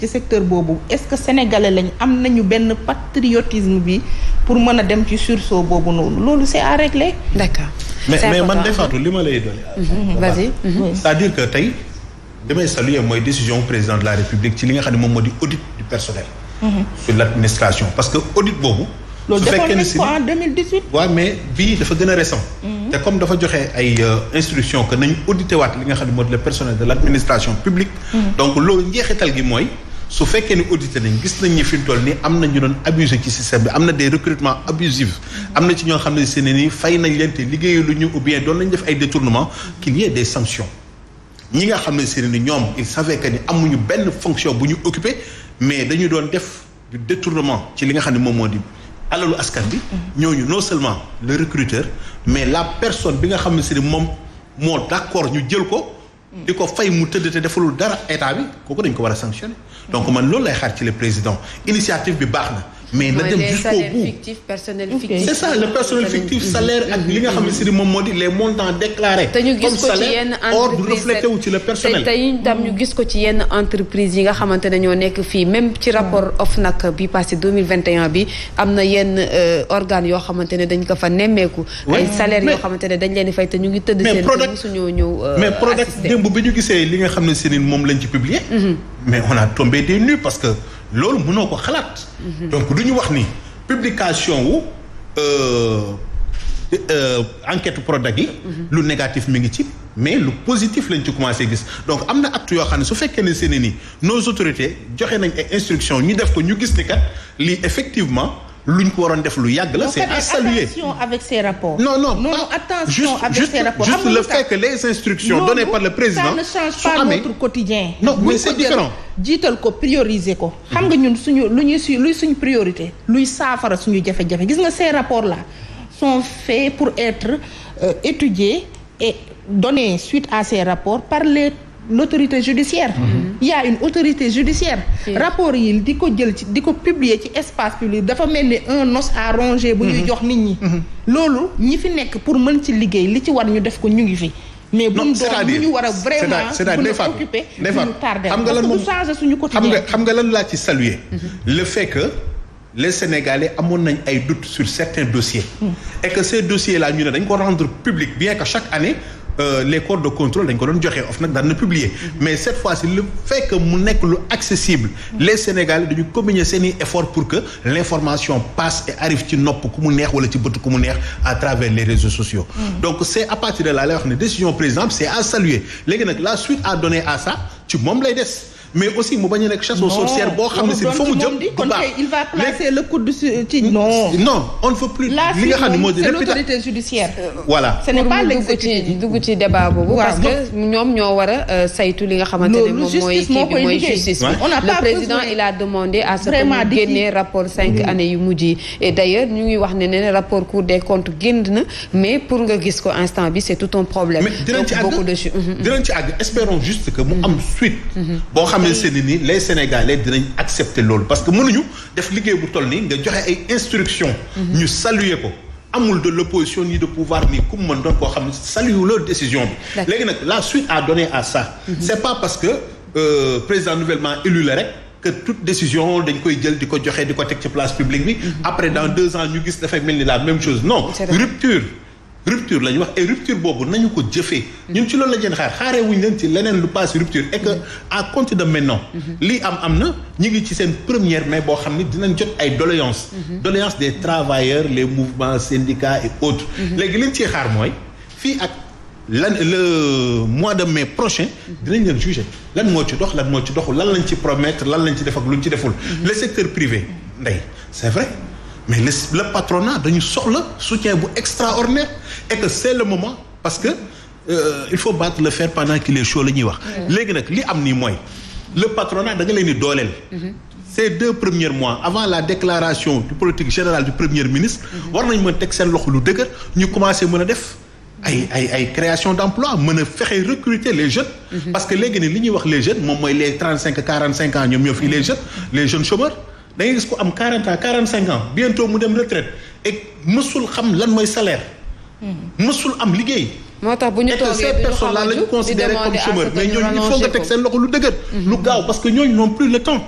ci secteur boobu est-ce que sénégale lañ am nañu benn patriotisme bi pour mën a dem ci sursaut boobu noonu loolu c'est à régler. d'accord mais mais man defaatu li ma lay doon. vas y que tey damay mooy décision président de ci li nga xam ne moom moo di audit du personnel. Mhm. sur l'administration parce que audit boobu. su fekkee ne si loolu defoon nañ mais bii dafa gën a récent. Mhm. te comme dafa joxe ay euh, instruction que nañu audité waat li nga xam ne moo di le personnel de l'administration publique. Mhm. donc loolu njeexital gi mooy. su fekkee ni audité nañ gis nañ ni fi mu toll nii am nañu doon abusé ci système bi am na des recrutements abusifs am na ci ñoo xam ne seen nii fay nañ leen te liggéeyu lu ñu ou bien doon lañ def ay détournement qu'il y des sanctions ñi nga xam ne seen ni ñoom il savait que ni amuñu benn fonction bu ñu occupé mais dañu doon def détournement ci li nga xam ne moom moo di alalu askan bi ñu non seulement le recruteur mais la personne bi nga xam ne ni moom moo d'accord ñu jël ko di ko fay mu tëdd te defalul dara état bi kooku dañ ko war a sanctionner. donc man loolu lay xaar ci le initiative bi baax na. mais na dem jusqu'au bout fictif personnel fictif c'est personnel li nga xam ne si moom moo di les montants déclarés te ñu gis ko ci yenn entreprise or du reflété wu ci le personnel yi nga xamante ne ñoo nekk fii même ci rapport OFNAC bi passé 2021 bi am na yenn euh, organes yoo xamante ne dañ ko fa nemmeeku ay salaires yoo xamante ne dañ leen di fay te ñu ngi tëdd seen produit suñoo ñëw euh, mais produit démb bi ñu gisee li nga xam ne si moom lañ ci publier mm-hmm. mais on a tombé des parce que loolu mënoo ko xalaat. Mhm. donc du ñu wax ni publication wu euh, euh, enquête Prodac yi. Mhm. lu négatif mi ngi ci. mais lu positif lañ ci commencé gis donc am na acte yoo xam ne su fekkee ne seeni ni nos autorités joxe nañ ay instructions ñu def ko ñu gis ni kat lii effectivement. lu ñu ko waroon def lu yàgg la c'est à saluer. attention avec ces rapports. non non non attention avec ces rapports. juste le fait que les instructions le président. ça ne change pas notre quotidien. non mais jiital ko prioriser ko. xam nga mhm. ñun suñu lu ñuy suñ luy suñu priorité. luy saafara suñu jafe-jafe gis nga ces rapports là sont faits pour être euh, étudiés et donnés suite à ces rapports par les l'autorité judiciaire. Mm y a une autorité judiciaire rapport yi di ko jël ci di ko publier ci espace public dafa mel ni un os à ronger bu ñuy mhm. jox nit ñi mhm. loolu ñi fi nekk pour mën ci liggéey li ci war ñu def ko ñu ngi fi mais bu mu doon lu ñu war a vraiment bu ñu occupé bu ñu xam nga lan moom changer suñu quotidien xam nga lan laa ci saluer mhm. le fait que les sénégalais amoon nañ ay doutes sur certains dossiers et que ces dossiers là ñu ne dañ ko rendre public bien que chaque année Euh, les codes de contrôle dañ ko doon joxe OFNAC daan na publier mais cette fois-ci le fait que mu nekk lu accessible les Sénégalais dañu communier seeni effort pour que l'information passe et arrive ci nopp ku mu neex wala ci bët ku mu neex à travers les réseaux sociaux mm. donc c'est à partir de là lay wax ne décision présidente c'est à saluer léegi nag la suite à donner à ça ci moom lay des mais aussi mu bañ a nekk chasse aux sorcières boo xam ne si fa mu jëm. kon euh, on ne peut plus. nga xam ne moo di l'autorité judiciaire. Euh, voilà ce n'est débat boobu. parce que ñoom ñoo war a euh, saytu li nga xamante ne moom mooy. kii bi mooy justice on a le président il a demandé à ce que mu génnee rapport cinq années yu mujj yi et d'ailleurs ñu ngi wax ne ne rapport cour des comptes génn na mais pour nga gis ko instant bi c'est tout un problème. donc beaucoup mhm. suite. Mhm. xamante ne nii les sénégalais dinañ accepter loolu parce que mënuñu def liggéey bu toll nii nga joxe ay instructions. Mhm. ñu saluer ko amul de l'opposition ni de pouvoir ni ku mu doon koo xam ne saluer leur décision bi. léegi nag la suite à donner à ça. Mm -hmm. c'est pas parce que euh, président nouvellement élu la rek. que toute décision dañ koy jël di ko joxe di ko teg ci place publique bi. Mhm. après dans deux ans ñu gis dafay mel ni la même chose non. rupture. rupture la ñu wax et rupture boobu nañu ko jëfee. ñun ci loolu la jën xaar xaaree wuñ leen ci leneen lu passe rupture et que mm-hmm. à compter de maintenant. Mm-hmm. lii am am na ñu ngi ci seen première mais boo xam ne dinañ jot ay doléances. Mm-hmm. doléances des travailleurs les mouvements syndicats et autres. léegi liñ ciy xaar mooy fii ak. lan le mois de mai prochain dinañ leen juger lan moo ci dox lan moo ci doxul lan lañ ci promettre lan lañ ci def ak ñu ci deful. le secteur privé ndey c'est vrai. mais le patronat dañu soxla soutien bu extraordinaire et que c'est le moment parce que euh, il faut battre le fer pendant qu'il est chaud la ñuy wax. léegi nag li am nii mooy le patronat da nga leen di dooleel. Mhm. ces deux premiers mois avant la déclaration du politique générale du premier ministre. Mhm. war nañ mën teg seen loxo lu dëgër ñu commencé mën a def. ay ay ay création d'emploi mën a fexe recruter les jeunes. Mhm. parce que léegi ne li ñuy wax les jeunes moom mooy da ngay gis ko am 40 ans 45 ans bientôt mu dem retraite et mësul xam lan mooy salaire. Hmm. mësul am liggéey. moo tax bu ñu toogee ces personnes là lañu considéré comme chômeur mais ñooñu il faut nga teg seen loxo lu dëgër. Hmm. lu gaaw parce que ñooñ n'ont plus le temps.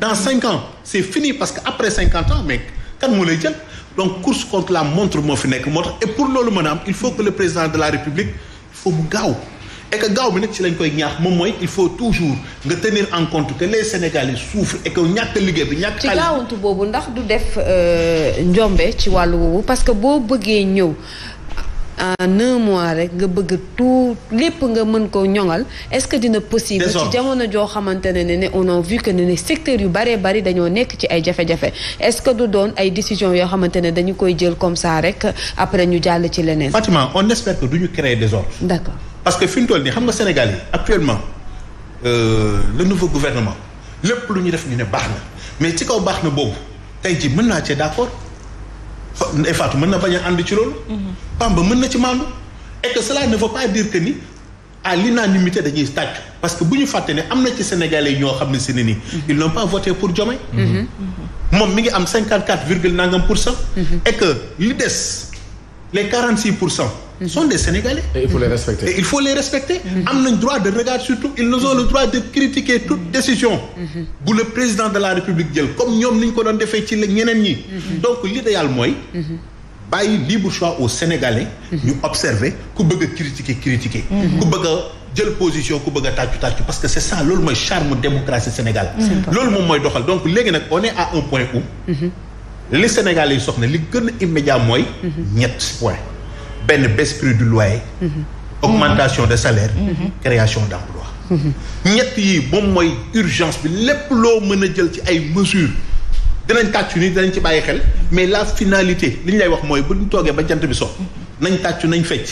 dans cinq ans c'est fini parce que après cinquante ans mais kan moo lay jël donc course contre la montre moo fi nekk moo tax et pour loolu mën a am il faut que le président de la république il faut mu gaaw. et gaaw bi nag ci lañ koy ñaax moom mooy il faut toujours nga tenir en compte que les sénégalais souffrent et que ñàkk liggéey bi ñàkk. ci gaawantu boobu ndax du def euh, njombe ci wàll woowu parce que boo bëggee ñëw. en un mois rek nga bëgg tout lépp nga mën ko ñoŋal est-ce que dina possible. ci jamono joo xamante ne ne on a vu que ne ne secteur yu baree bari dañoo nekk ci ay jafe-jafe est-ce que du doon ay décisions yoo xamante ne dañu koy jël comme ça rek après ñu jàll ci leneen. Fatima on espère que duñu créer désordre. d'accord. parce que fi mu toll nii xam nga Sénégal yi actuellement euh, le nouveau gouvernement lépp lu ñu def ñu ne baax na mais ci kaw baax na boobu tey jii mën naa cee d'accord et Fatou mën na bañ a ànd ci loolu. Mm-hmm. ba mën na ci maandu. et que cela ne veut pas dire que ni à l'unanimité dañuy tàcc parce que bu ñu fàtte ne am na ci Sénégalais yi ñoo xam ne si ne nii. Mm-hmm. ils n'ont pas voté pour Diomaye. Mm-hmm. moom mi ngi am cinquante quatre virgule nangam pour cent. et que li des. les 46 pour cent mhm. sont des Sénégalais. Et il faut les mhm. respecter. Et il faut les respecter. Mhm. am nañ droit de regard surtout ils nous ont le droit de critiquer toute décision. bu le président de la République jël comme ñoom ni ñu ko doon defee ci la ñeneen ñi. donc l'idéal mooy. bàyyi libre choix aux Sénégalais. ñu observer ku bëgg a critiquer critiquer. ku bëgg a jël position ku bëgg a tàccu tàccu parce que c'est ça loolu mooy charme démocratie Sénégal. loolu moom mooy doxal donc léegi nag on est li Sénégal yi soxna li gën a immédiat mooy. ñett point benn baisse prix du loyer. augmentation de salaire. création d' emploi. ñett yi moom mooy urgence bi lépp loo mën a jël ci ay mesures. dinañ tàccu ni dinañ ci bàyyi xel mais la finalité li ñu lay wax mooy bu ñu toogee ba jant bi so nañ tàccu nañ fecc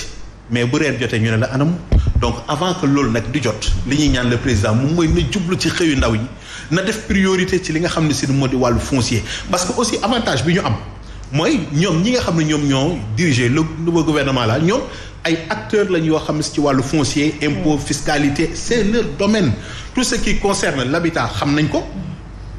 mais bu reer jotee ñu ne la anam donc avant que loolu nag di jot li ñuy ñaan le président moom mooy na jublu ci xëyu ndaw yi. na def priorité ci li nga xam ne seen moo di wàllu foncier parce que aussi avantage bi ñu am mooy ñoom ñi nga xam ne ñoom ñoo diriger le nouveau gouvernement la ñoom ay acteurs lañ yoo xam ne ci wàllu foncier impôt fiscalité c'est leur domaine tout ce qui concerne l'habitat xam nañ ko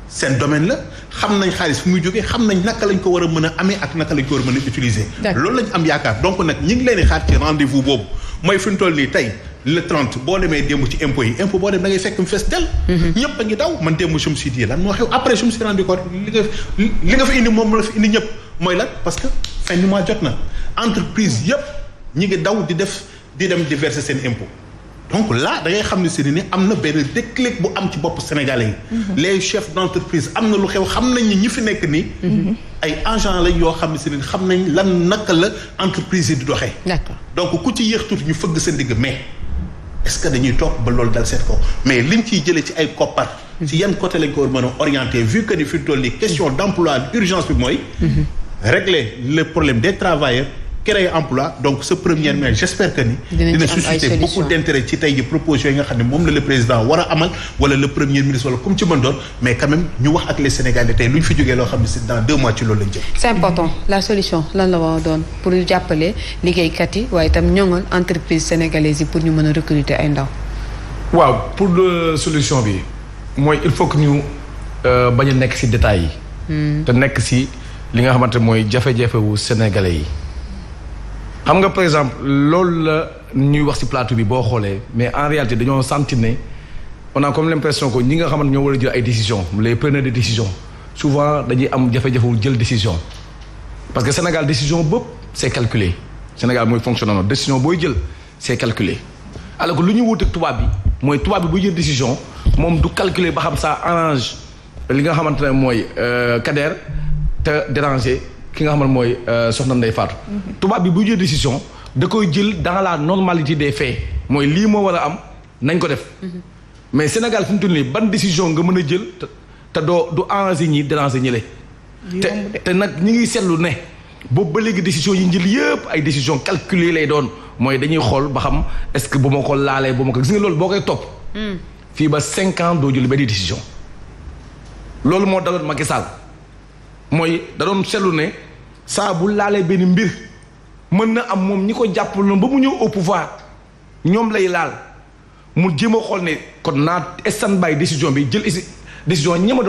seen domaine la xam nañ xaalis fu mu jógee xam nañ naka lañ ko war a mën a amee ak naka lañ ko war a mën a utiliser loolu lañ am yaakaar donc nag ñi ngi leen di xaar ci rendez boobu mooy fi ñu toll nii tey le 30 boo demee démb ci impôt yi impôt boo dem da ngay fekk mu fees del mm-hmm. ñëpp a ngi daw man démb su ma si di lan moo xew après su ma si rendu li nga li nga fi indi moom la fi indi ñëpp mooy lan parce que fin du jot na entreprise yëpp ñi ngi daw di def di dem di seen impôt donc là da xam ne si ni am na benn déclic bu am ci bopp sénégalais yi. Mhm. les chef d' am na lu xew xam nañ ni ñi fi nekk nii. Mhm. ay agents lañ yoo xam ne si ni xam nañ lan naka la entreprise yi di doxee. d'accord donc ku ci yéex tuuti ñu fëgg sa ndigg mais est ce que dañuy toog ba loolu dal seet ko mais liñ ciy jëlee ci ay koppar. Mhm. ci yan côté lañ ko war mën orienté vu que fi mu toll nii question d' emploi urgence bi mooy. régler le problème des travailleurs. créer emploi donc ce premier mai j'espère que ni dina susciter beaucoup d'intérêt ci tey ji propositions yi nga xam ne moom la le président war a amal wala le premier ministre wala comme ci mën doon mais quand même ñu wax ak les Sénégalais tey lu ñu fi jógee loo xam ne c'est dans deux mois ci loolu lañ jëm c'est important la solution lan la a doon pour jàppale liggéeykat ñu mën a recruter ay ndaw waaw pour la solution bi mooy il faut que ñu euh, bañ a nekk ci détails yi hmm. te nekk ci li nga xamante mooy jafe wu sénégalais yi xam nga par exemple loolu la ñuy wax ci plateau bi boo xoolee mais en réalité dañoo sentir ne on a comme l'impression ko ñi nga xamante ñoo war a jël ay décision les preneurs de décision souvent dañuy am jafe-jafewul jël décision parce que Sénégal décision bëpp c'est calculé Sénégal mooy fonctionnement décision booy jël c'est calculé alors que lu ñu wuuteeg tubaab bi mooy tubaab bi buy jël décision moom du calculer ba xam ça arrange li nga xamante ne mooy cadre euh, te déranger ki nga xamal mooy euh, soxna Ndeye Fatou. Mhm. tubaab bi bu jël décision da koy jël dans la normalité de faits mooy lii moo war a am nañ ko def. Mhm. mais Sénégal fi mu ban décision nga mën a jël te doo du enseigner dérenseigner le. te te nag ñu ngi seetlu ne boobu ba léegi décision yi njël yëpp ay décision calculée lay doon mooy dañuy xool ba xam est-ce que bu ma ko laalee bu ma ko gis nga loolu boo koy topp. Mm. fii ba cinq ans doo jël benn décision. loolu moo daloon Macky mooy da doon ne. saa bu laalee benn mbir mën na am moom ñi ko jàppaloon ba mu ñëw au pouvoir ñoom lay laal mu jéem a xool ne kon naa stand by décision bi jël décision ñema